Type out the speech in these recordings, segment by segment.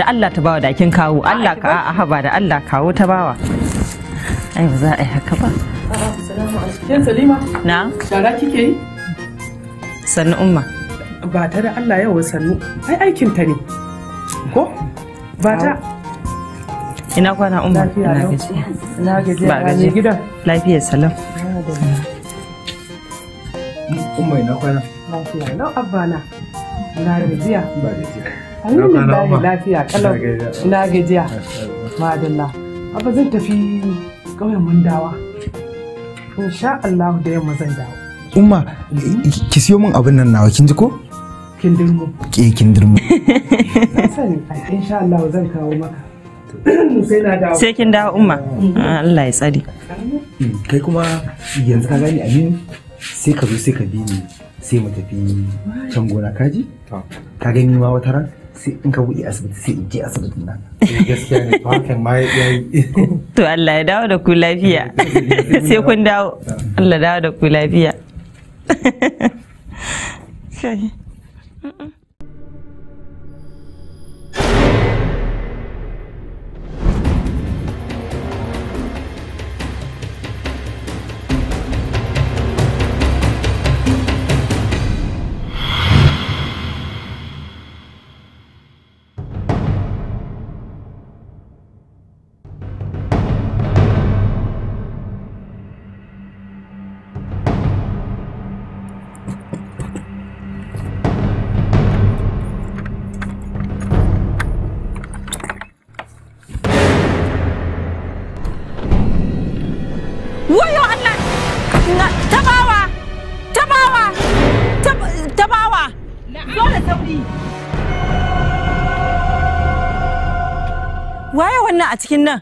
da Allah ta bawa da kin kawo Allah ka a haba da Allah kawo ta bawa ai ba za a yi haka ba salima na shara kike yi sannu umma ba ta da Allah yau sannu ai aikin ta ne ko ba ta ina kwana umma ina gajiya ina gajiya ba gajiya gidan lafiya salam umma ina kwana lafiya lau abbana na gajiya ba gajiya alhamdulillah lafiya kalau na gajiya madalla abba zan tafi ƙauyen mundawa insha Allah da yamma zan dawo umma ki siyo min abin nan nawa kin ji ko kindirmo ke eh, kindirmo sani insha Allah zan kawo maka sai kin dawo umma mm-hmm. ah, Allah ya tsare mm-hmm. mm, kai kuma yanzu ka gani aminu sai ka zo sai ka bi ni sai mu tafi can gona kaji ka gani ma wata ran sai in ka buɗe asibiti sai in je asibitin nan eh, gaskiya ne hakan ma ya yi to Allah ya dawo da ku lafiya eh, eh, sai kun dawo Allah dawo da ku lafiya a cikin nan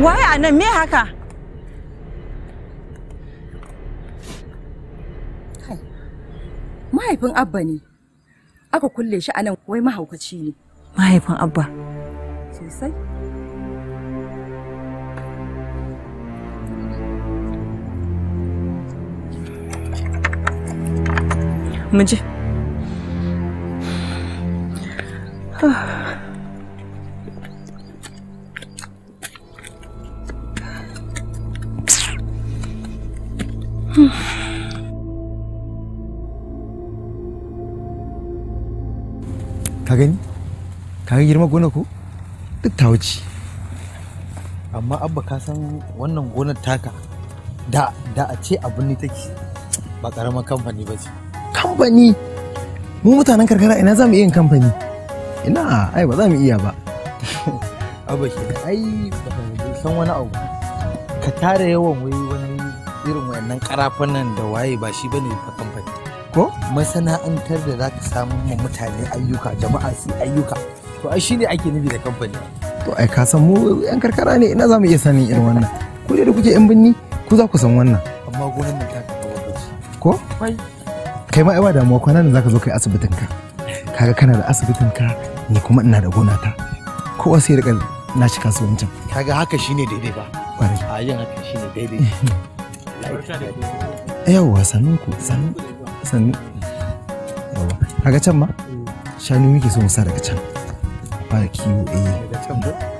waye a nan me haka mahaifin abba ne aka kulle shi a nan wai mahaukaci ne mahaifin abba sosai Mujer. ka gani ka ga girma gona ko duk ta wuce amma abba ka san wannan gonar taka da da a ce abin ne take ba karamar kamfani ba ce kamfani mu mutanen karkara ina za mu iya kamfani ina ai ba za mu iya ba abba ke ai ba san wani abu ka tara yawan wai waɗannan karafunan da waye ba shi bane ba kamfani ko masana'antar da za ta samu mu mutane ayyuka jama'a su ayyuka to ai shine ake nufi da kamfani to ai ka san mu yan karkara ne ina za mu iya sanin irin wannan ku da kuke yan binni ku za ku san wannan amma gonan nan ta kafa ko kai ma ai ba damuwa kwanan nan zaka zo kai asibitin ka kaga kana da asibitin ka ni kuma ina da gona ta ko sai rika na shi kasuwancin kaga haka shine daidai ba a yin haka shine daidai yawwa sannu ku sannu sannu yawwa kaga can ma shanu muke so mu fara kiwo eh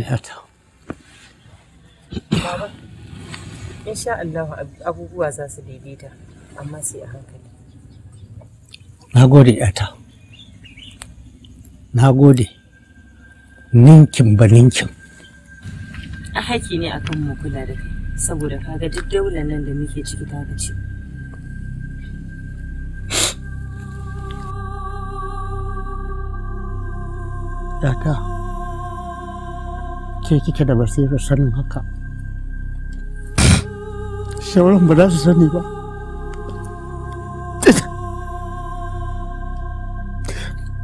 mata baba insha Allah abubuwa za su daidaita amma sai a hankali na gode yata na gode ninkin ba ninkin a haƙi ne akan mu kula da kai saboda kaga duk daular nan da muke ciki ta ce Daka. ke kike da basirar sanin haka shawaran ba za su sani ba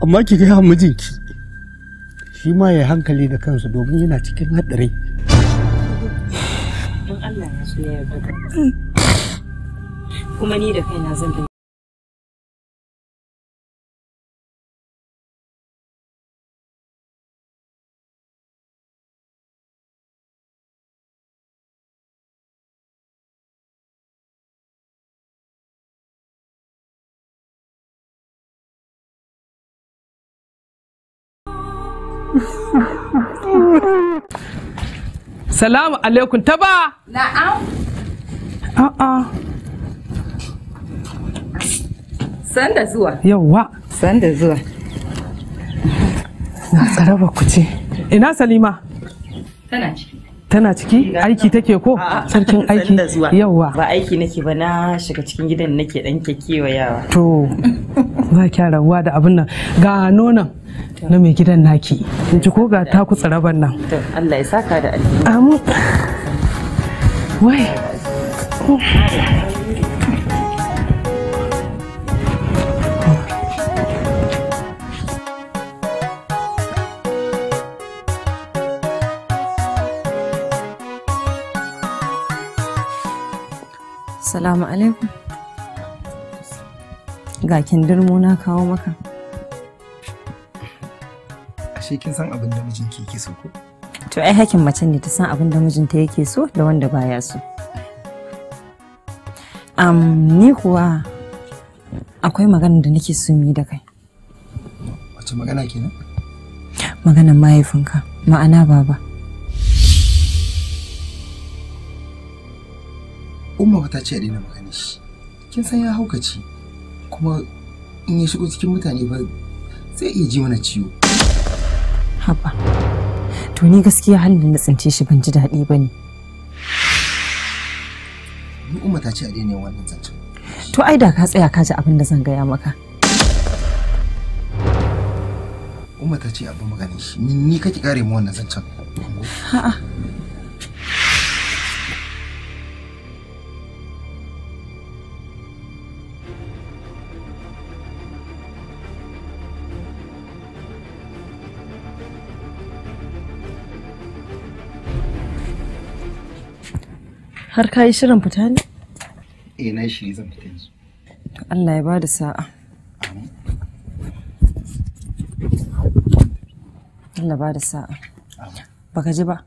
amma ki gaya mijinki shi ma ya hankali da kansa domin yana cikin haɗari kuma ni da kaina zan salamu alaikum ta ba na'am a'a sanda zuwa yawwa sanda zuwa na tsaraba ku ce ina salima tana ciki tana ciki aiki take ko sarkin aiki yawa ba aiki nake ba na shiga cikin gidan nake dan yawa to ba ki rabuwa da abin nan ga nonon na mai gidan naki in ji ko ga ta taku rabar nan Allah ya saka da alheri amu wai Assalamu alaikum. Ga kindirmo na kawo maka. Ashe kin san abin da ke yake so ko? To ai hakin mace ne ta san abin da mijinta yake so da wanda baya so. Am ni kuwa akwai magana da nake so yi da kai. Wace magana kenan? Maganar mahaifinka, ma'ana baba. umma ta ce a daina magana shi kin san ya haukaci kuma in ya shigo cikin mutane ba zai iya ji mana ciwo haba to ni gaskiya halin na tsince shi ban ji daɗi ba ne ni umma ta ce a daina wannan zancen to ai da ka tsaya ka ji abin da zan gaya maka umma ta ce abin magana shi ni kake kare mu wannan zancen a'a Har ka yi shirin fita ne? Eh na shi zan fita yanzu. Allah ya bada sa'a. Allah bada sa'a. Baka ji ba?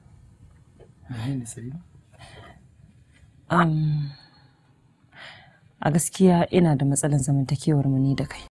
a gaskiya ina da matsalan zamantakewar mu ni da kai.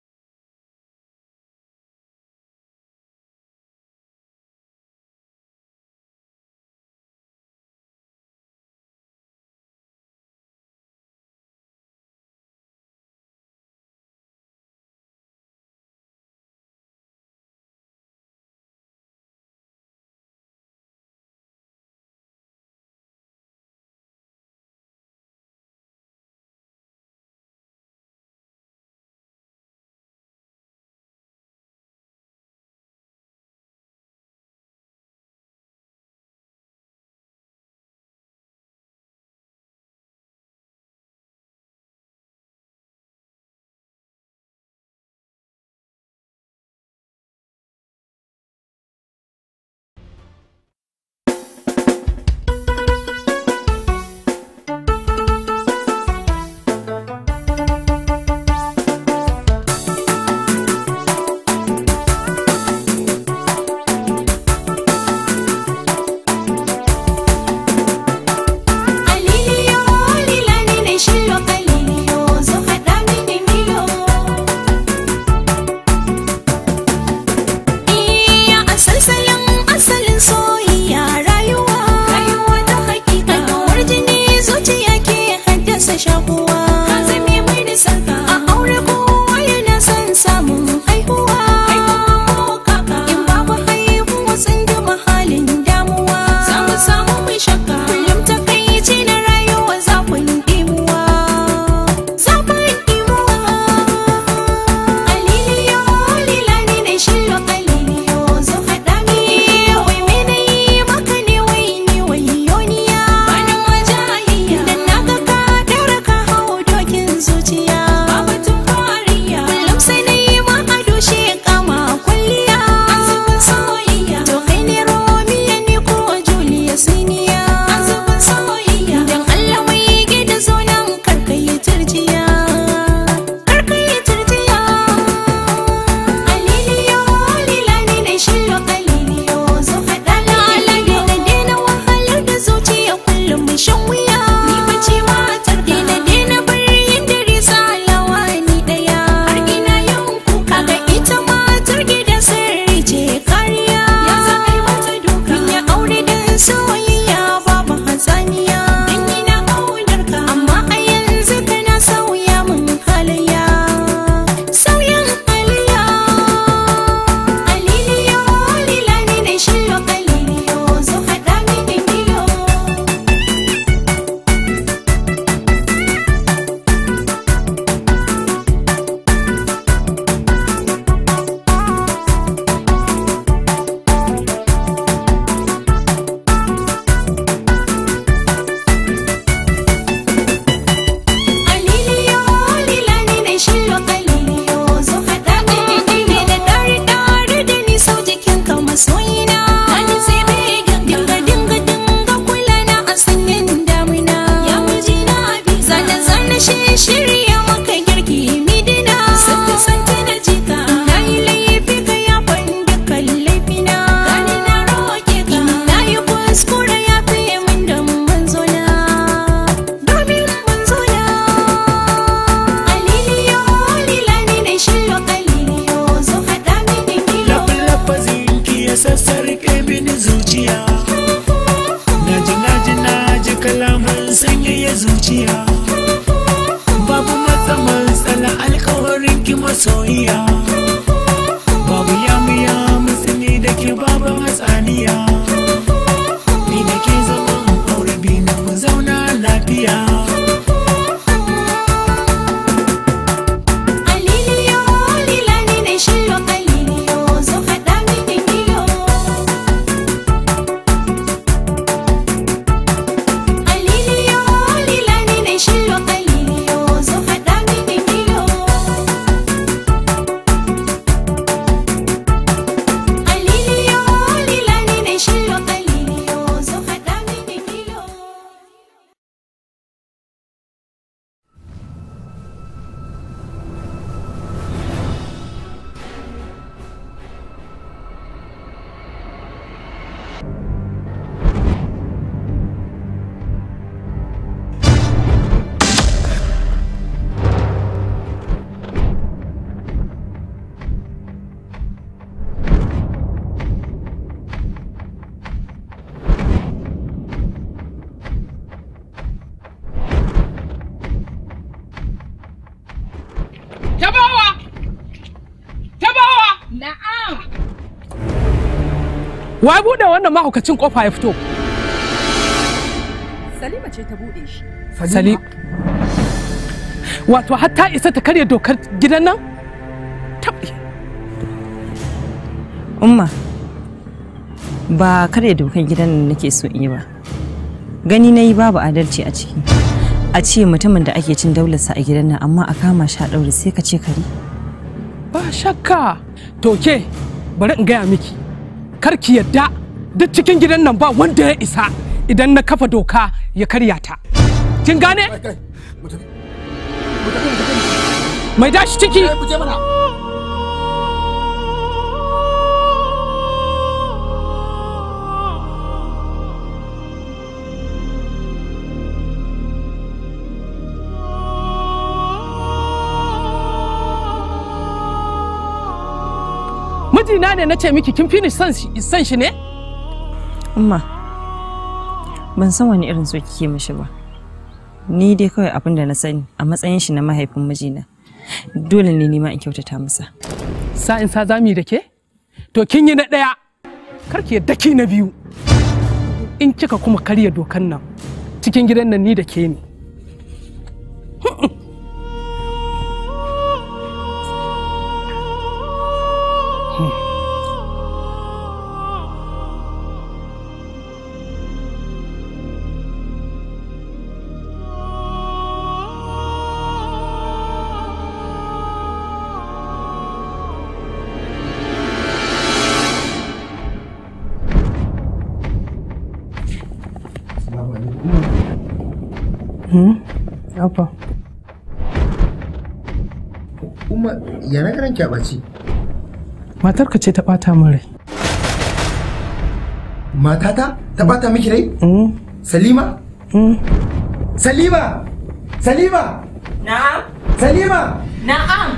Na'am. Wai buɗe wannan mahaukacin ƙofa ya fito. Salima ce ta buɗe shi. Salima. Wato har ta isa ta karya dokar gidan nan? Umma, ba karya dokar gidan nan nake so in yi ba. Gani na yi babu adalci a ciki. A ce mutumin da ake cin daularsa a gidan nan amma a kama sha ɗaure sai ka ce kari. Ba shakka. toke bari in gaya miki kar ki yadda duk cikin gidan nan ba wanda ya isa idan na kafa doka ya karya ta kin gane mai dashi ciki jinsi na ne na ce miki kin fini son shi ne? Amma ban san wani irin so kike mishi ba. Ni dai kawai abin da na sani a matsayin shi na mahaifin mijina. Dole ne nima in kyautata masa. sa in sa zami da ke? To kin yi na ɗaya. Karki yadda ki na biyu. In kika kuma karya dokan nan cikin gidan nan ni da ke ne. Abba. Mm-hmm. Kuma ya na garan kyabaci? Matarka ce ta bata min rai. Matata ta bata miki rai? Mm-hmm. Salima? Mm-hmm. Salima! Salima! Na'am. Salima! Na'am.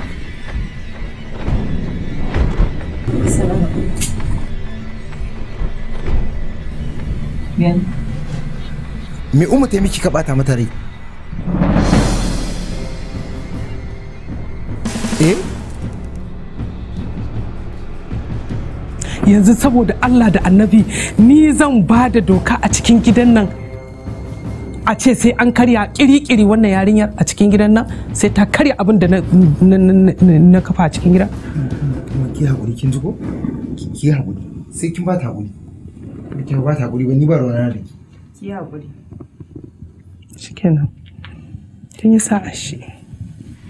Me umu ta miki ka bata mata rai? eh yanzu saboda Allah da annabi ni zan ba da doka a cikin gidan nan a ce sai an karya kiri-kiri wannan yarinyar a cikin gidan nan sai ta karya abin da na kafa a cikin gidan ki haƙuri kin ji ko ki haƙuri sai kin ba ta haƙuri ki ba ta haƙuri ba ni ba rawana da ki ki haƙuri shikenan tun yi sa'a shi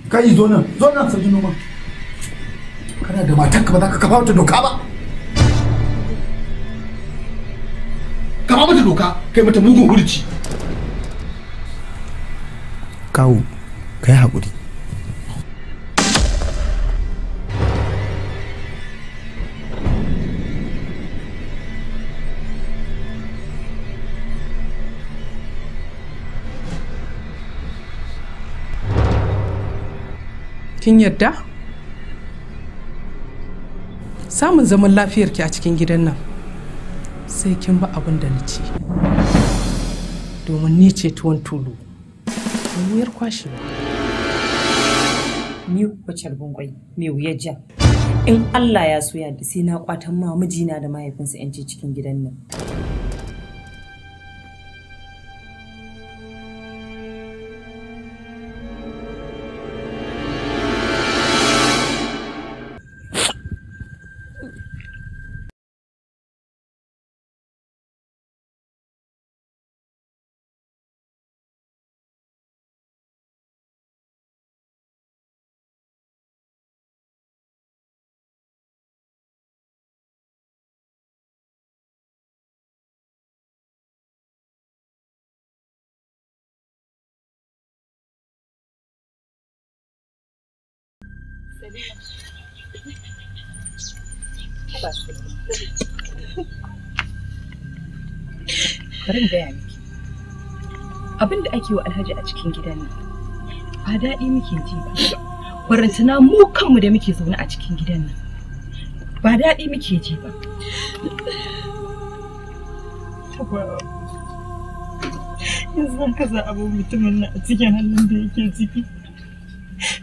kai zo nan zo nan sarki noma kana da ka ba za ka kafa mata doka ba kafa mata doka kai mata mugun hurci kawo kai haƙuri kin yarda samun zaman lafiyarki a cikin gidan nan sai kin ba abin da na ce domin ni ce tuwon tulu mai wuyar kwashe ba. ni wacar bunkwai mai wuyar ja in allah ya so ya sai na kwatan ma na da mahaifinsa yanci cikin gidan nan Bari gaya miki. Abin da ake wa Alhaji a cikin gidan nan ba daɗi muke ji ba. Barantana mu kanmu da muke zaune a cikin gidan nan ba daɗi muke ji ba. Yanzu ka za a mutumin nan a cikin hannun da yake ciki.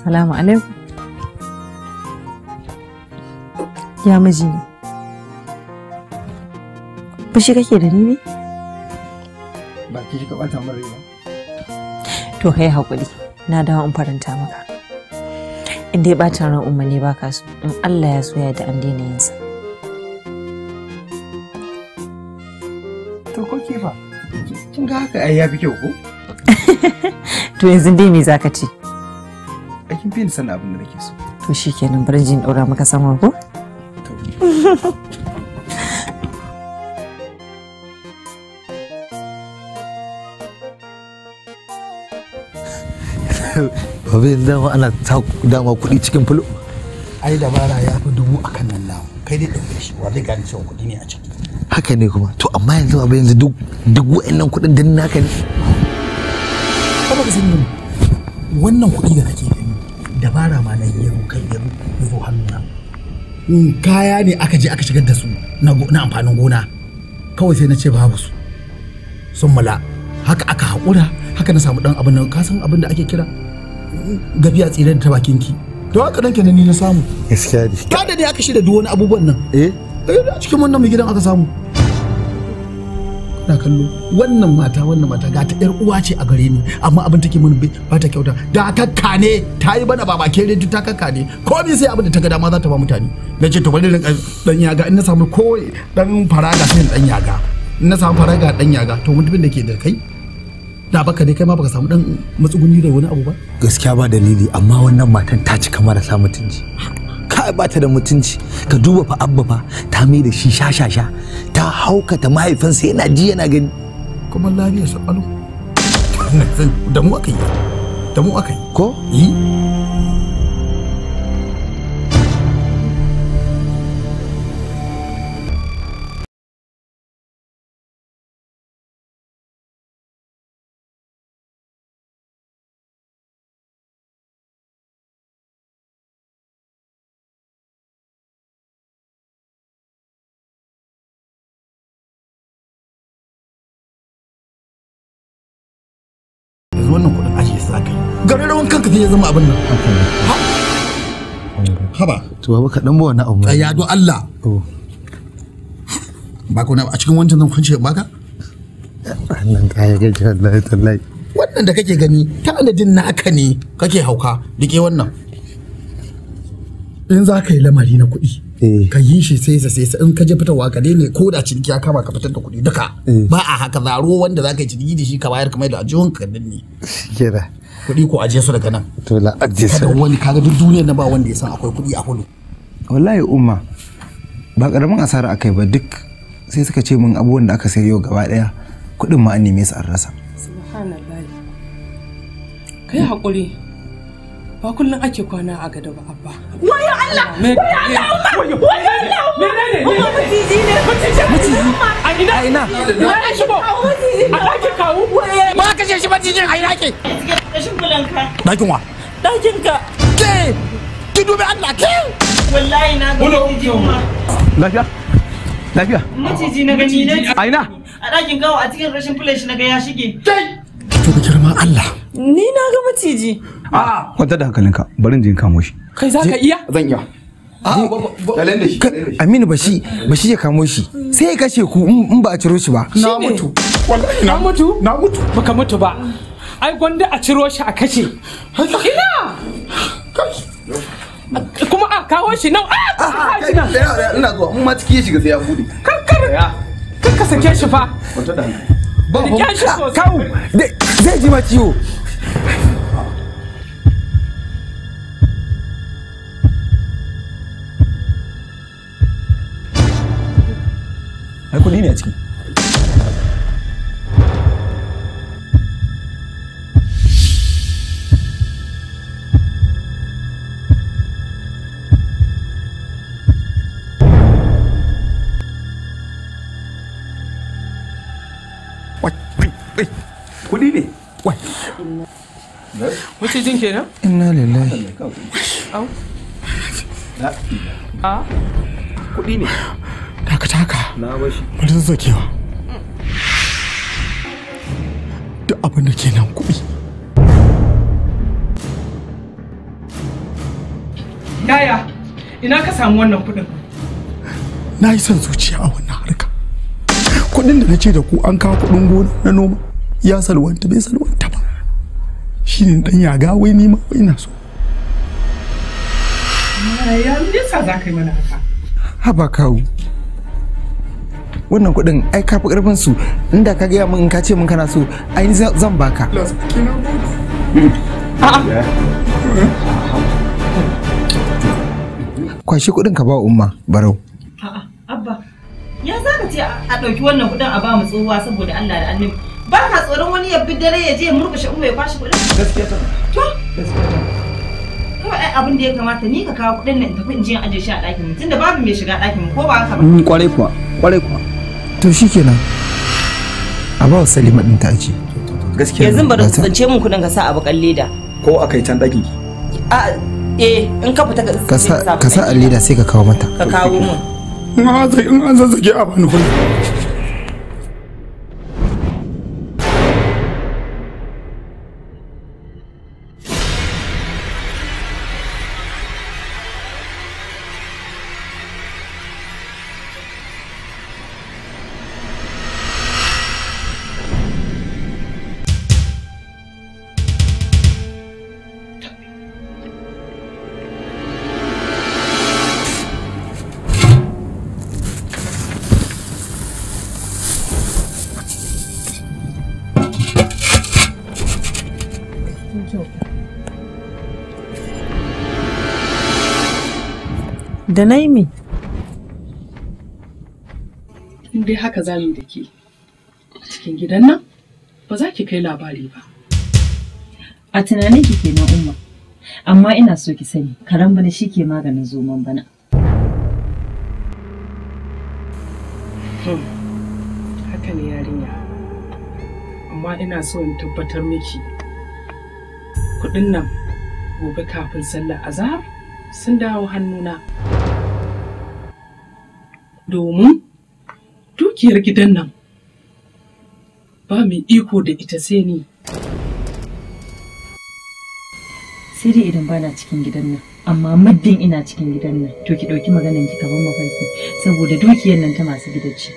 Assalamu alaikum. Ya miji ne. Fushi kake da ni ne? Ba ki ka bata mara ba. To kai hakuri, na dawo in faranta maka. In dai bacin ran umma ne ka so, in Allah ya so ya da an daina yinsa. To ko ke fa? Kin ga haka ai ya fi kyau ko? To yanzu dai me zaka ce? kin fi ni sanin abin da nake so to shikenan bari jin daura maka sama ko Babu yanzu dama ana ta dama kuɗi cikin fulo. Ai bara ya fi dubu a kan nan namu. Kai dai ɗauke shi wa zai gane cewa kuɗi ne a ciki. Haka ne kuma. To amma yanzu babu yanzu duk duk wa'annan kuɗin din naka ne. ka wannan kuɗi da kake dabara ma na yaro kai yaro ya zo hannuna kaya ne aka je aka shigar da su na amfanin gona kawai sai na ce babu su sun mala haka aka haƙura haka na samu ɗan abin nan ka san abin da ake kira gafiya tsirar da ta bakin ki to haka nan kenan ni na samu gaskiya ne ka da ne aka shirya duk wani abubuwan nan eh eh a cikin wannan mai gidan aka samu na kallo wannan mata wannan mata ga ta yar uwa ce a gare ni amma abin take mun ba ta kyauta da kakka ne ta yi bana ba ke rintu ta kakka ne ko me sai abin da ta ga dama za ta ba mutane na ce to bari dan yaga in na samu ko dan faraga sai dan yaga in na samu faraga dan yaga to mutumin da ke da kai da baka ne kai ma baka samu dan matsuguni da wani abu ba gaskiya ba dalili amma wannan matan ta cika marasa mutunci kai ba ta da mutunci ka duba fa abba fa ta mai da shi sha ta hauka ta haukata mahaifinsa yana ji yana gani kuma lafiya sa da mu aka yi da mu aka yi ko yi gararrawan kanka zai zama abin nan haba to baba ka dan ba wani abu ya do Allah oh. ba ko na a cikin wancan zan kwance baka wannan kaya Allah wallahi tallahi wannan da kake gani ta adadin naka ne kake hauka dike wannan in za ka yi lamari na kuɗi eh. ka yi shi sai sa sai in ka je fitarwa ka daina ko da ciniki ya kama ka fitar da kuɗi duka eh. ba a haka zaro wanda za ka yi ciniki da shi ka bayar kamar da ajiyun ka danne kuɗi ko aje su daga nan to la aje su wani kaga duk duniyar na ba wanda ya san akwai kuɗi a hulu wallahi umma ba karamin asara akai ba duk sai suka ce min abubuwan da aka sayo gaba daya kuɗin ma an neme su an rasa subhanallah kai hakuri ba kullum ake kwana a gada ba abba wayo Allah wayo Allah wayo Allah menene ne mutiji ne Mutiji! a ina a ina wani shigo a ɗakin kawo ba ka kashe shi macijin a ina ke kashin bulanka ɗakin wa ɗakin ka ke ki dubi Allah ke wallahi na ga macijin ma lafiya lafiya maciji na gani ne a ina a ɗakin kawo a cikin rashin fulan shi na ga ya shige kai ki dubi girman Allah ni na ga maciji Aa! kwanta da hankalinka bari in je kamo shi kai za ka iya zan iya Aminu ba shi ba shi ya kamo shi sai ya kashe ku in ba a ciro shi ba na mutu wallahi na mutu na mutu baka mutu ba ai gwanda a ciro shi a kashe ina kuma a kawo shi nan ah, a kawo shi ina zuwa in ma ciki ya shiga sai ya bude kankar kanka sake shi fa ba ba kawo zai ji ma ciwo 哎，我离你近。喂，喂，喂，我离你。喂。没事，你进去啊。真乃灵犀。哦。啊？啊？我离你。dakata haka bari zazzagewa duk abin da ke nan kuɗi yaya ina ka samu wannan kuɗin na yi son zuciya a wannan harka kuɗin da na ce da ku an kawo kuɗin gona na noma ya salwanta bai salwanta ba shi ne ɗan yaga wai nima ina so ya nisa za ka yi mana haka haba kawo wannan kuɗin ai kafi ƙarfin su inda ka gaya min ka ce min kana so ai zan baka kwashi kuɗin ka ba umma barau abba ya za ka ce a ɗauki wannan kuɗin a ba mu tsohuwa saboda Allah da annabi ba ka tsoron wani ya bi dare ya je ya murƙushe umma ya kwashi kuɗin gaskiya ta to gaskiya ta kawai abin da ya kamata ni ka kawo kuɗin nan tafi in je in aje shi a ɗakin mu tunda babu mai shiga ɗakin mu ko ba haka ba kwarai mm, kuwa kwarai kuwa to kenan a ba wa salima ɗin ta ce gaskiya yanzu bari tsince mun kudin ka sa a bakan leda ko a kai can ɗakin ki a eh in ka fita ka sa a leda sai ka kawo mata ka kawo mun in an zazzage a bani da Naimi. In dai haka za mu cikin gidan nan ba za ki kai labari ba. A tunanin ki kenan umma, amma ina so ki sani karan bana shi ke maganin zoman bana. Hmm. Haka ne yarinya, amma ina so in tabbatar miki kuɗin nan gobe kafin sallar azahar sun dawo hannuna. domin dukiyar gidan nan ba mai iko da ita sai ni. Sai dai idan bana cikin gidan nan, amma muddin ina cikin gidan nan, to ki ɗauki maganan ki kaban mafarki saboda dukiyar nan ta masu gidan ce.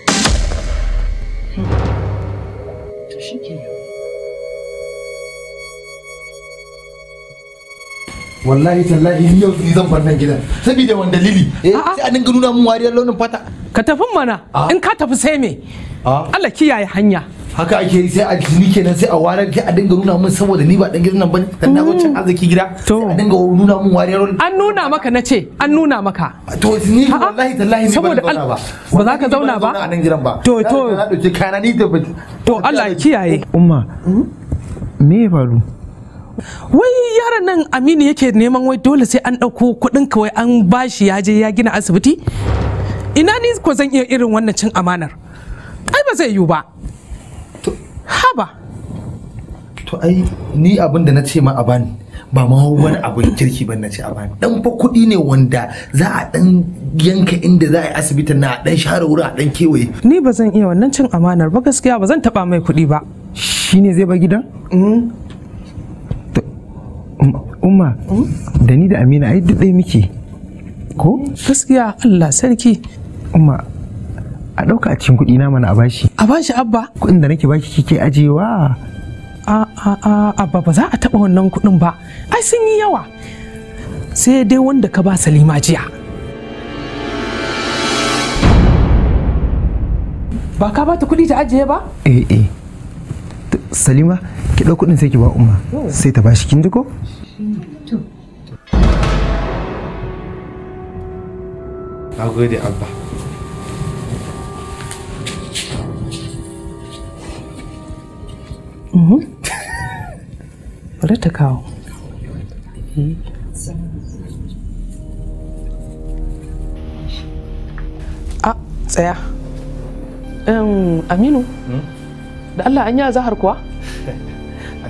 wallahi tallahi ni yau zan bar nan gidan saboda wani dalili eh, sai a dinga nuna mun wariyar launin fata ka tafi mana in ka tafi sai me Allah kiyaye hanya haka ake yi sai a jini kenan sai a warar a dinga nuna mun saboda ni ba dan gidan nan bane dan na wucin mm. arziki gida a dinga nuna mun wariyar an nuna maka na ce an nuna maka to ni wallahi tallahi ni zan ba ba za ka zauna ba a nan gidan ba to to na kana ni to Allah ya kiyaye umma hmm? me ya faru wai yaron nan aminu yake neman wai dole sai an ɗauko kuɗin kawai an bashi ya je ya gina asibiti ina ni ko zan iya irin wannan cin amanar ai ba zai yiwu ba haba to ai ni abin da na ce ma a bani ba ma wani abin kirki ban na ce a bani dan fa kuɗi ne wanda za a dan yanka inda za a yi asibitin na a dan share wuri a dan kewaye ni ba zan iya wannan cin amanar ba gaskiya ba zan taba mai kuɗi ba shine zai ba gidan mm. umma da ni da amina ai duk ɗaya muke ko gaskiya allah sarki umma a ɗauka a cikin kuɗi na mana a bashi a bashi abba kuɗin da nake baki kike ajewa a a a abba ba za a taɓa wannan kuɗin ba ai sun yi yawa sai dai wanda ka ba salima jiya ba ka ba kuɗi ta ajiye ba eh eh salima ki ɗau kuɗin sai ki ba umma sai ta bashi kin ji ko na gode abba mhm. bari ta kawo a tsaya aminu hmm? da allah an yi zahar kuwa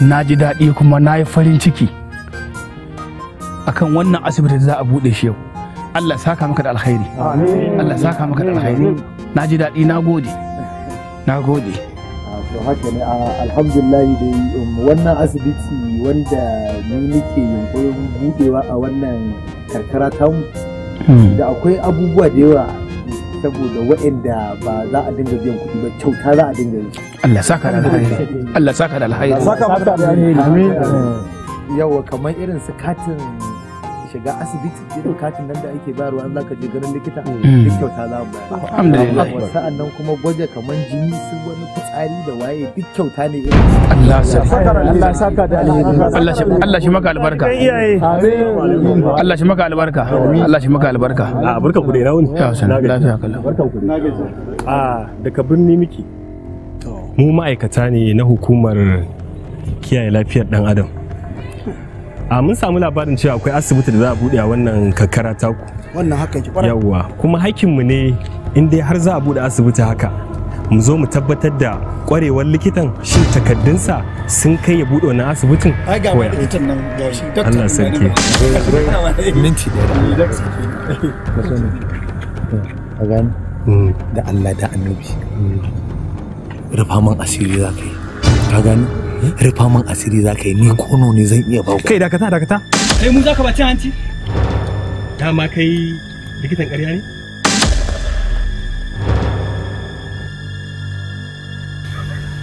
na ji daɗi kuma na yi farin ciki akan wannan asibiti za a buɗe shi yau Allah saka maka da alkhairi Allah saka maka da alkhairi na ji daɗi na gode na gode to haka ne ah, alhamdulillah dai um, wannan asibiti wanda ni nake yunkurin budewa a wannan karkara tamu hmm. da akwai abubuwa da yawa saboda waɗanda ba za a dinga biyan kuɗi ba kyauta za a dinga yi Allah saka da alhairi Allah saka da alhairi saka da alhairi yawa kamar irin su katin shiga asibiti irin katin nan da ake bayarwa an zaka je ganin likita hmm. duk kyauta za mu bayar alhamdulillah sa'an nan kuma gwaje kaman jini su wani fitsari da waye duk kyauta ne irin Allah saka Allah saka da alheri Allah shi Allah shi maka albarka amin Allah shi maka albarka Allah shi maka albarka a barka ku da ina na ga lafiya kallon barkan ku na ga a daga birni miki mu ma'aikata ne na hukumar kiyaye lafiyar dan adam a ah, mun samu labarin cewa akwai asibiti da za a bude a wannan kakkara taku wannan haka ki yawa kuma mu ne in dai har za a bude asibiti haka mu zo mu tabbatar da kwarewar likitan shin takaddunsa sun kai ya bude wannan asibitin ai ga wannan likitan nan koya Allah sarki minti mm. da Allah da annabi mm. rufa man asiri za ka yi ka gani rufa min asiri za ka yi ni kono ne zan iya bako kai dakata dakata kai mu za ka baci hanci dama kai likitan ƙarya ne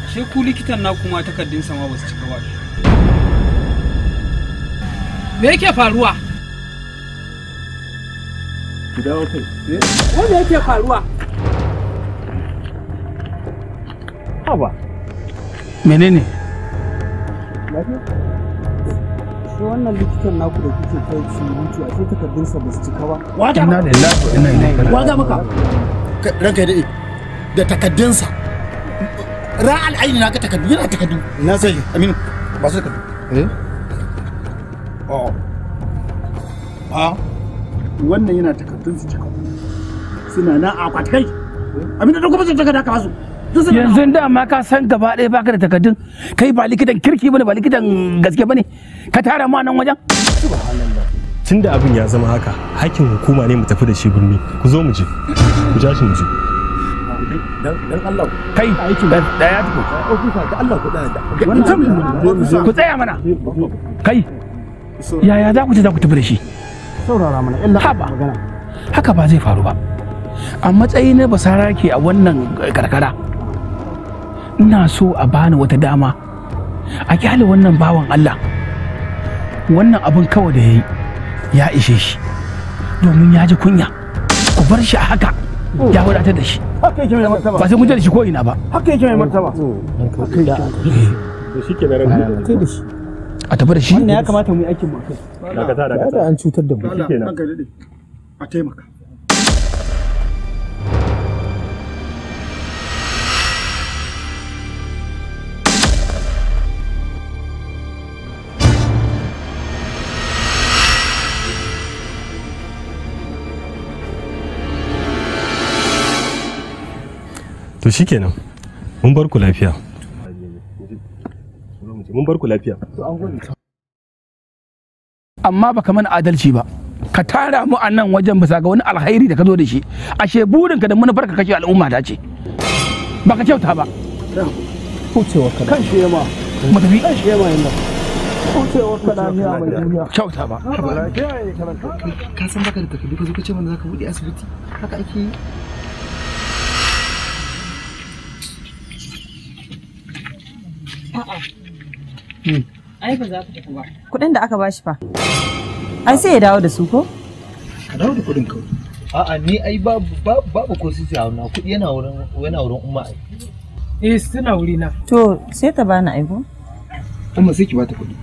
ashe ku likitan na kuma takardun sama ba su cika ba me yake faruwa ki dawo kai eh? wanda yake faruwa haba menene lafiya shi wannan likitan naku da kuke kai surutu a sai takardunsa ba su cika ba wata ina da lafi ina ne waga maka ranka da da takaddunsa ra'al aini na ga takaddu yana takaddu na sai aminu ba su takaddu eh oh. wannan yana takaddunsa cika suna na a kwatkai aminu da kuma su takarda ka ba su yanzu dama ka san gaba ɗaya baka da takardun kai ba likitan kirki bane ba likitan gaske bane ka tara mu nan wajen tun da abin ya zama haka hakkin hukuma ne mu tafi da shi birni ku zo mu je ku ja shi mu je kai da ku tsaya mana kai yaya za ku ce za ku tafi da shi saurara mana illa haka ba zai faru ba a matsayi na basara ke a wannan karkara ina so a bani wata dama a kyale wannan bawan Allah wannan abin kawai da ya yi ya ishe shi domin ya ji kunya ku bar shi a haka ya wadata da shi ba sai kun da shi ko ina ba haka yake mai martaba to shi da ran da shi a tafi da shi wannan ya kamata mu yi aikin mu kai daga ta daga ta an cutar da mu shikenan a taimaka to shikenan mun bar ku lafiya mun bar ku lafiya amma baka mana adalci ba ka tara mu a nan wajen bisa ga wani alhairi da ka zo da shi ashe burinka da manufar ka kashe al'umma ta ce ba ka kyauta ba kan shi ma matafi kan shi ma yana kucewa ka da miya mai duniya kyauta ba ka san baka da takardu ka zo ka ce mana zaka bude asibiti haka ake yi Ai ba za ka tafi ba. Kuɗin da aka bashi fa. Ai sai ya dawo da su ko? Ka dawo da kuɗin ka. A'a ni ai babu babu ko sisi a wannan kuɗi yana wurin yana wurin umma Eh suna wuri na. To sai ta bani aiko. Umma sai ki bata kuɗi.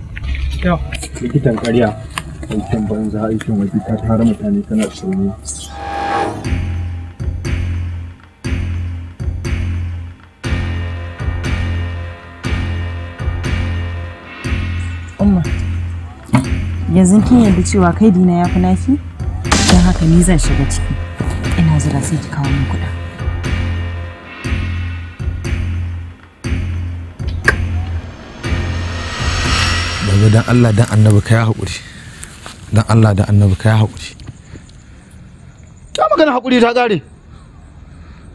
Yau. Likitan ƙarya. Aikin banza aikin wajen ta tara mutane tana tsoro. yanzu kin yarda cewa kai dina ya fi naki don haka ni zan shiga ciki ina jira sai ki kawo min kuɗa. daga don Allah don annabi ka ya haƙuri don Allah don annabi ka ya haƙuri ta magana haƙuri ta ƙare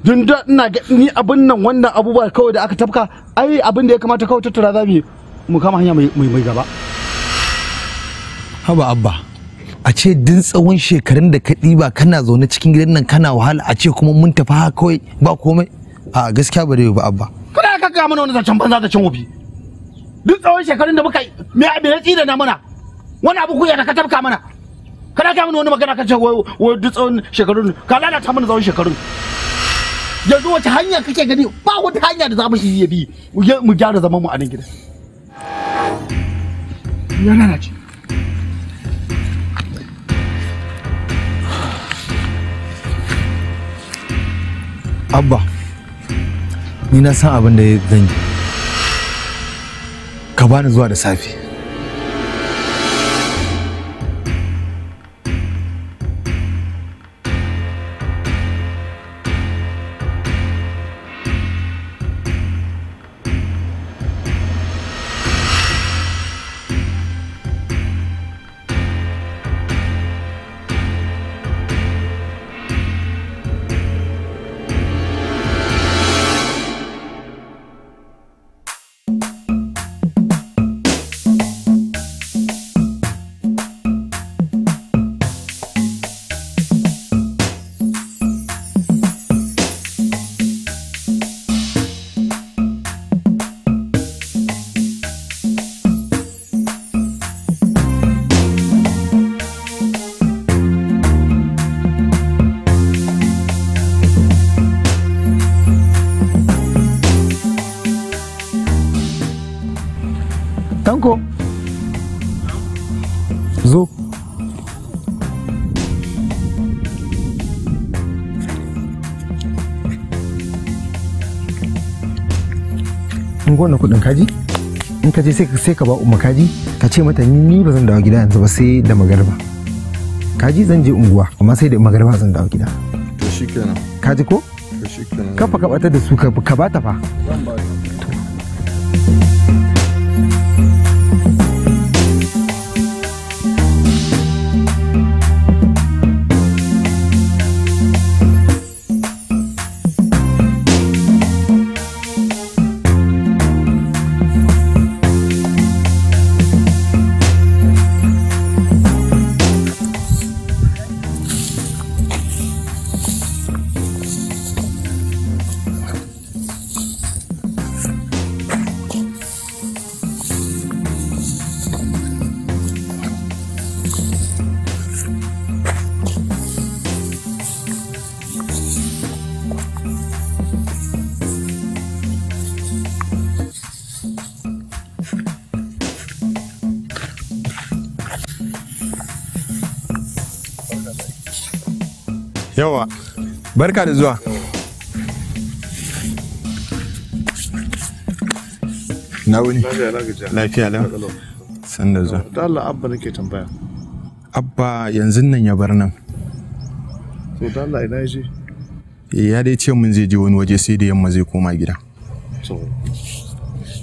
don da ina ga ni abin nan wannan abubuwa kawai da aka tafka ai abin da ya kamata kawai tattara za mu kama hanya mai gaba haba abba a ce din tsawon shekarun da ka ɗiba kana zaune cikin gidan nan kana wahala a ce kuma mun tafi haka kawai ba komai a gaskiya ba dai ba abba kada ka ga mana wani zancen banza da can wubi duk tsawon shekarun da muka me abin ya tsira na mana wani abu kuya da ka tafka mana kada ka mana wani magana ka ce wai duk tsawon shekarun ka lalata mana tsawon shekarun yanzu wace hanya kake gani ba wata hanya da za mu yi bi mu gyara zaman mu a nan gidan na ce abba ni na san abin da zan yi ka bani zuwa da safe je sai ka ba umma kaji ka ce mata ni ba zan dawo gida yanzu ba sai da magarba kaji zan je unguwa amma sai da magarba zan dawo gida to shikenan kaji ko to shikenan kafa ka bata da su ka ka bata fa zan ba barka da zuwa na wuni lafiya lau san da zuwa ta Allah abba nake tambaya abba yanzu nan ya bar nan to ta Allah ina je eh, ya dai ce mun zai je wani waje sai da yamma zai koma gida to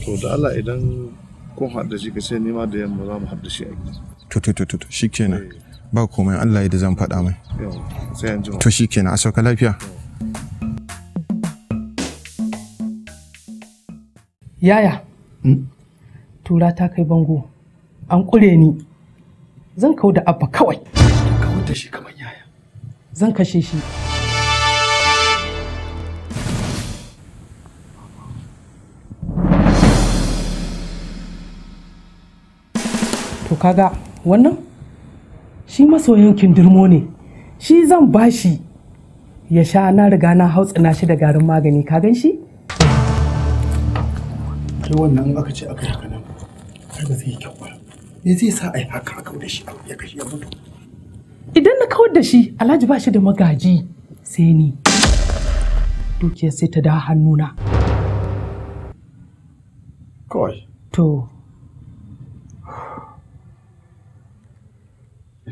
to da Allah idan kun haɗa shi ka ce nima da yamma za mu haɗa shi a gida to to to to shikenan eh. ba komai Allah da zan faɗa mai to shi kenan a sauka lafiya yaya hmm? tura ta kai bango an ƙure ni zan kawo da abba kawai kawo da shi kamar yaya zan kashe shi to kaga wannan shi masoyin kindirmo ne shi zan bashi ya sha na riga na hautsina shi da garin magani ka gan shi kai wannan aka ce aka yi nan kai ba zai yi kyau ba ne zai sa a yi haka haka da shi ya kashi ya mutu idan na kawar da shi alhaji ba shi da magaji sai ni dukiyar sai ta da hannuna kawai to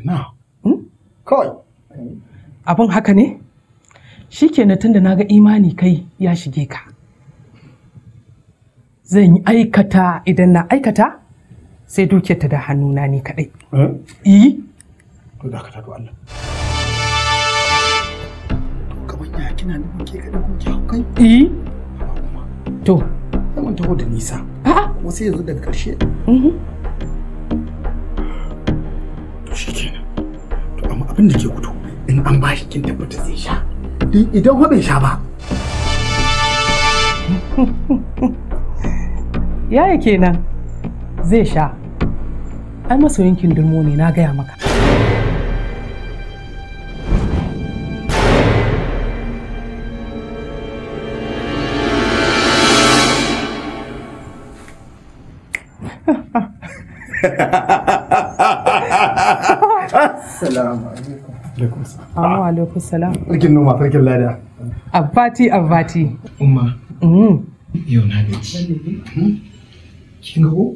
Hmm? Kawai. Abin haka ne? Shi ke na tun da naga imani kai ya shige ka. Zan yi aikata idan na aikata sai duke ta da hannuna ne kaɗai. Iyi? Eh? Eh? To da duwa Allah. Kamar kina nufin ke kaɗai ko ki hau kai? Iyi? Eh? To. kuma taho da nisa. ha Wasu yanzu daga ƙarshe. Mhm. abin da ke kuto in an ba shi kin tabbata zai sha idan ba bai sha ba yaya kenan zai sha ai masoyinkin kin durmo ne na gaya maka ha ha ha Assalamu alaikum. Assalamu alaikum salam. Sarkin noma sarkin lada. Abbati abbati. Umma. Mm. Yau na gaji. Hmm? Kin ga ko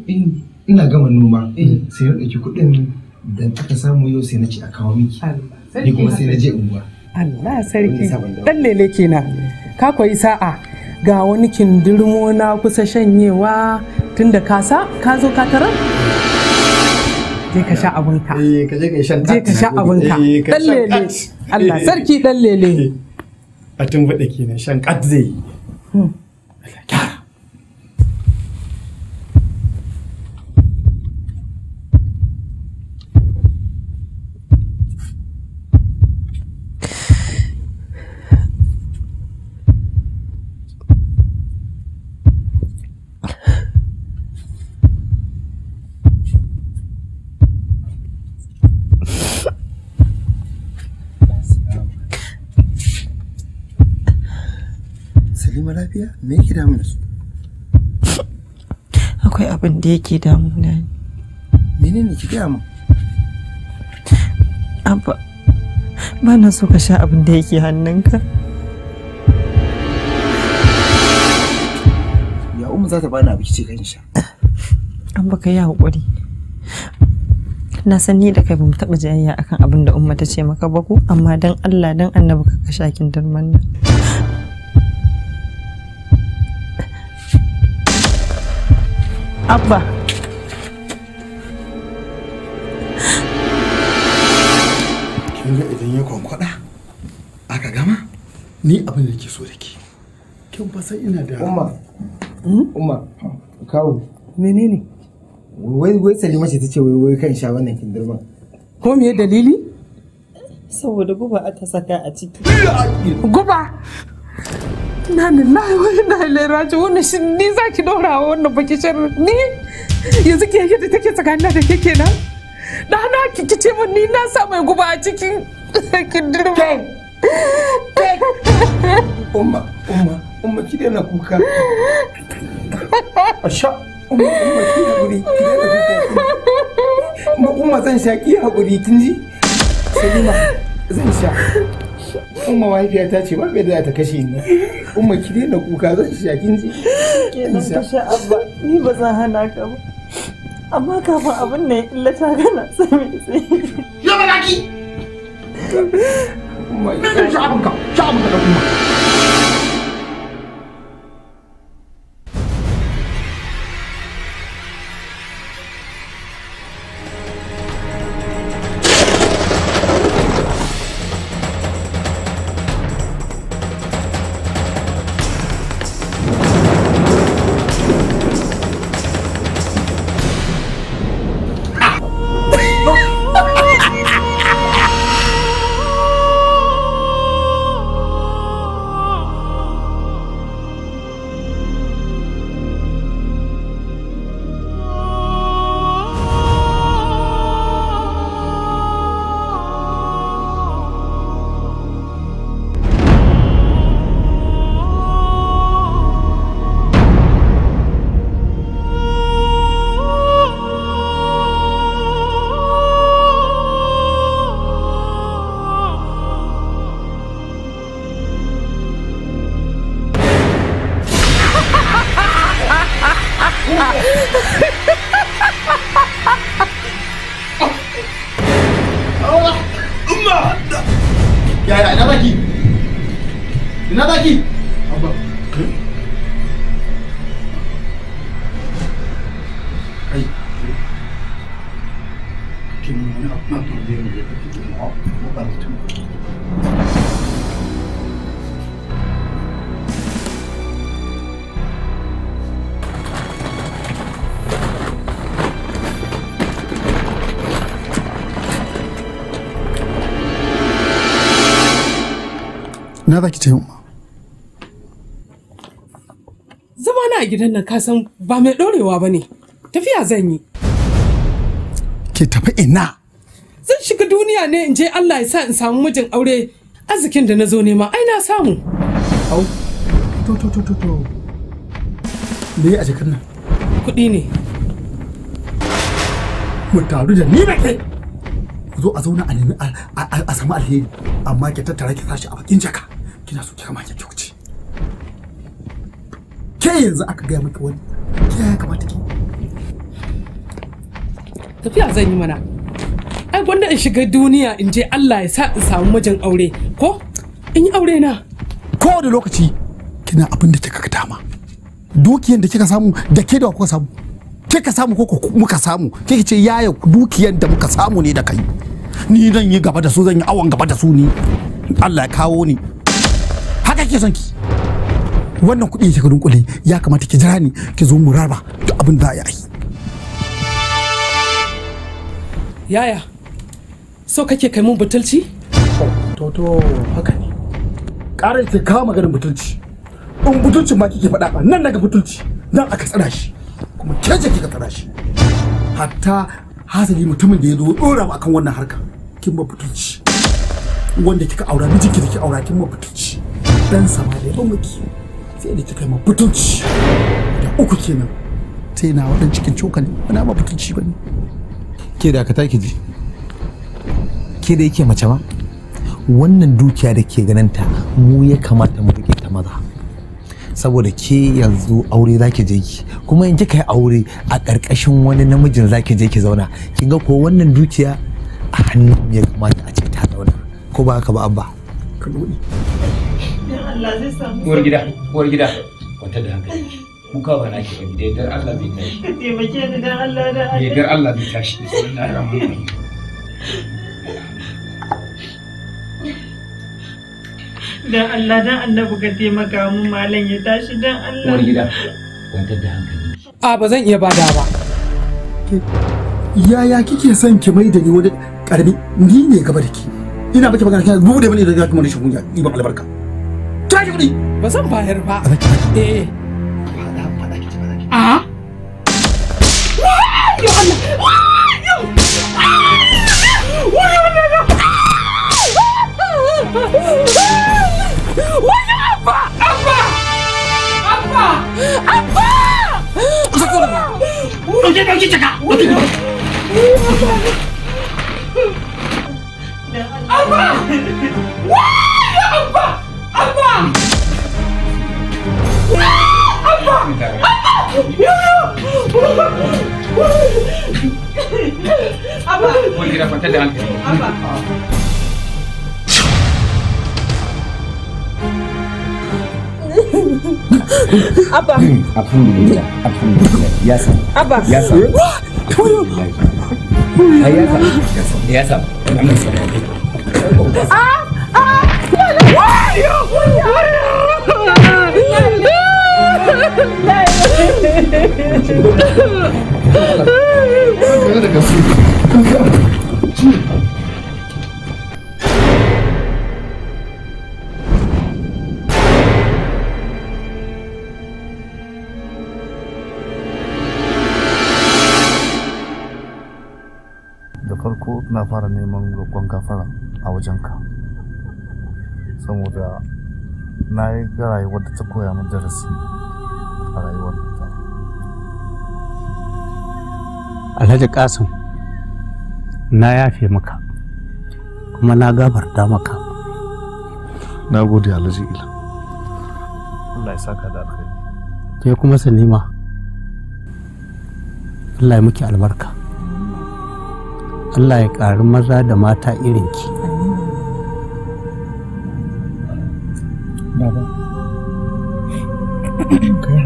ina gama noma mm. sai na ɗauki kuɗin da aka samu yau sai na ci a kawo miki. Ni kuma sai na je unguwa. Allah sarki. Dan lele kenan. Ka koyi sa'a ga wani kindirmo na kusa shanyewa tunda kasa ka zo ka tarar. je ka sha abinka eh, je ka sha eh, lele Allah eh. sarki dan lele a kenan shan kat zai hmm. Allah lafiya me yake damun su akwai abin da yake damuna ne menene ki gaya mu abba ba na so ka sha abin da yake hannunka ya umu za ta bani abu kice kan sha abba ka yi hakuri na san ni da kai bamu taɓa jayayya akan abin da umma ta ce maka ba ko amma dan Allah dan annabi ka ka shakin darman nan Abba. Kin ga idan ya kwankwada aka gama? Ni abin da ke so da ke. Kin fa san ina da Umma. Hmm? Umma. Kawo. Menene? Wai wai Salima ce tace wai wai kan sha wannan kindirma. Ko me dalili? Saboda guba aka saka a ciki. Guba. na lillahi wa inna ilaihi shi ni zaki dora wa wannan baki sharri ni yanzu ke yadda take tsakanina da ke kenan da na ki ce min ni na sa mai guba a cikin kindirma umma umma umma ki daina kuka asha umma umma kuka umma umma zan sha ki hakuri kin zan sha sha umma mahaifiya ta ce ba bai da ta kashe ni umma ki daina kuka zan shi kin ji kenan ka sha abba ni ba zan hana ka ba amma kafin abin ne illa ta gana sai mai sai ya malaki umma ka sha abin ka sha abin ka da kuma nada aqui. Aí. Que é mano, né? nada que te uma. gidan nan ka san ba mai dorewa ba ne. Tafiya zan yi. Ke tafi ina? Zan shiga duniya ne in je Allah ya sa in samu mijin aure arzikin da na zo nema ai na samu. Au, to to to to to. Me yi a jakar nan? Kuɗi ne. Mu taru da ni da kai. zo a zauna a nemi a samu alheri amma ki tattara ki sashi a bakin jaka kina so ki kama ki ke yanzu aka gaya miki wani ke ya kamata ki tafiya zan yi mana ai gwanda in shiga duniya in je Allah ya sa in samu majan aure ko in yi aure na ko da lokaci kina abin da kika dama dukiyar da kika samu da ke da kuka samu kika samu ko muka samu kike ce yaya dukiyar da muka samu ne da kai ni zan yi gaba da su zan yi awon gaba da su ni Allah ya kawo ni haka ke son ki wannan kuɗi ke dunkule ya kamata ki jira ni ki zo mu raba duk abin da za yi yaya so kake kai mun butulci to to haka ne ƙarar ke kawo maganin butulci in butulcin ma kike faɗa nan daga butulci nan aka tsara shi kuma keje kika tsara shi hatta hasali mutumin da ya zo dora mu akan wannan harka kin ba butulci wanda kika aura mijinki da ki aura kin ba butulci dan sama ba miki sai da kika ma butulci da uku kenan sai na wadan cikin cokali wani ba butulci bane ke da ka ki ji ke da yake mace ba? wannan dukiya da ke ganinta mu ya kamata mu rike ta maza saboda ke yanzu aure zaki je ki kuma in kika yi aure a ƙarƙashin wani namijin zaki je ki zauna kin ga ko wannan dukiya a hannun ya kamata a ce ta zauna ko ba haka ba abba Allah zai samu uwar gida uwar gida kwanta da hankali kuka ba na ki ba da Allah zai tashi taimake ni dan Allah da Allah Allah zai tashi dan Allah dan Allah ka taimaka mu malam ya tashi dan Allah uwar gida kwanta da hankali a ba zan iya bada ba yaya kike son ki mai da ni wani karami ni ne gaba da ki ina baki magana kina bude da zaki mana shugun ya iban albarka tashi ba zan bayar ba a eh tira con de antes. Abba. Alhamdulillah. Alhamdulillah. Yes. Abba. Yes. Yes. Yes. Yes. Ah! Ah! What are you? What are you? What are you? da farko na fara neman roƙon gafara a wajenka saboda na yi ga rayuwar da ta koya min darasi a rayuwar alhaji kasim na yafe maka kuma na gabarta maka na gode alhaji ila Allah ya saka da alkhairi ke kuma sanima Allah ya miki albarka Allah ya ƙari maza da mata irinki Baba, kai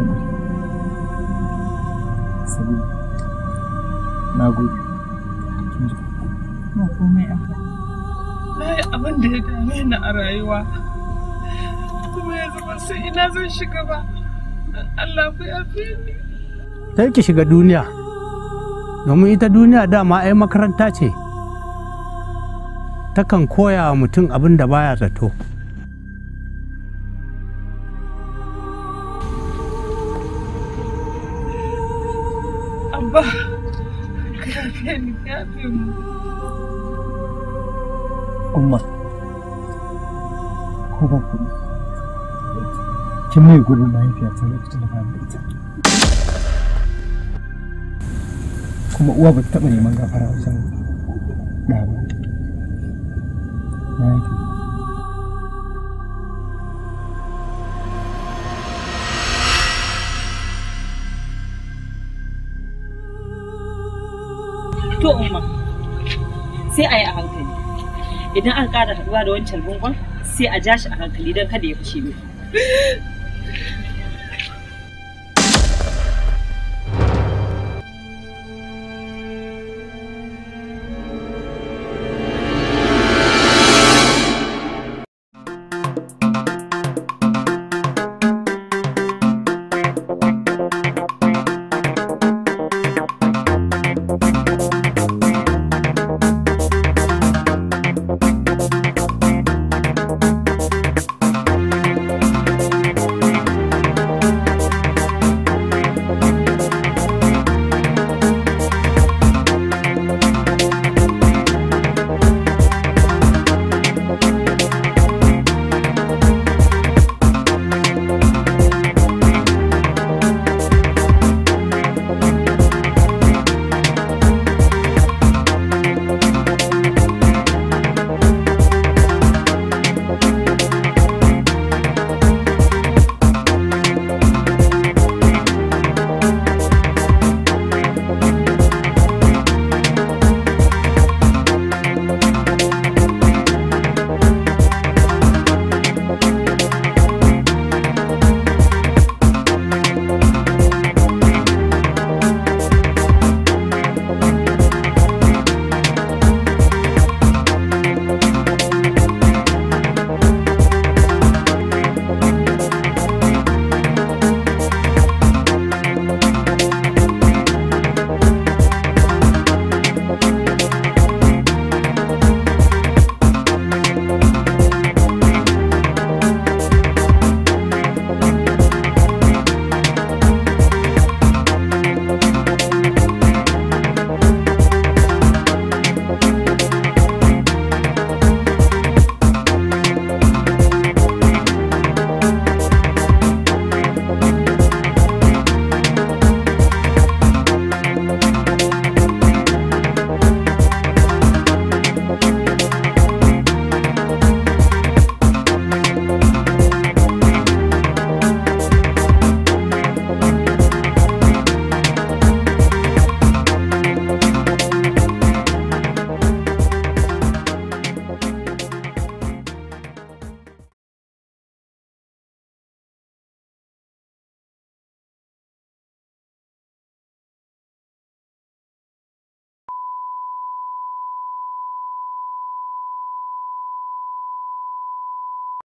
na gode. komai a kai na yi abin da ya dame ni a rayuwa kuma ya zama sai ina zan shiga ba don Allah ku yafe ni sai ki shiga duniya domin ita duniya dama ai makaranta ce takan koya wa mutum abin da baya zato abba ka yafe ni ka yafe mu umma ko ba kuɗi kin mai gudun mahaifiyata lokacin da ba da ita kuma uwa ba ta taɓa neman gafara wajen ɗa ba na yafi to umma sai a yi a hankali idan an ƙara haɗuwa da wancan bungon sai a ja shi a hankali don kada ya fushi mai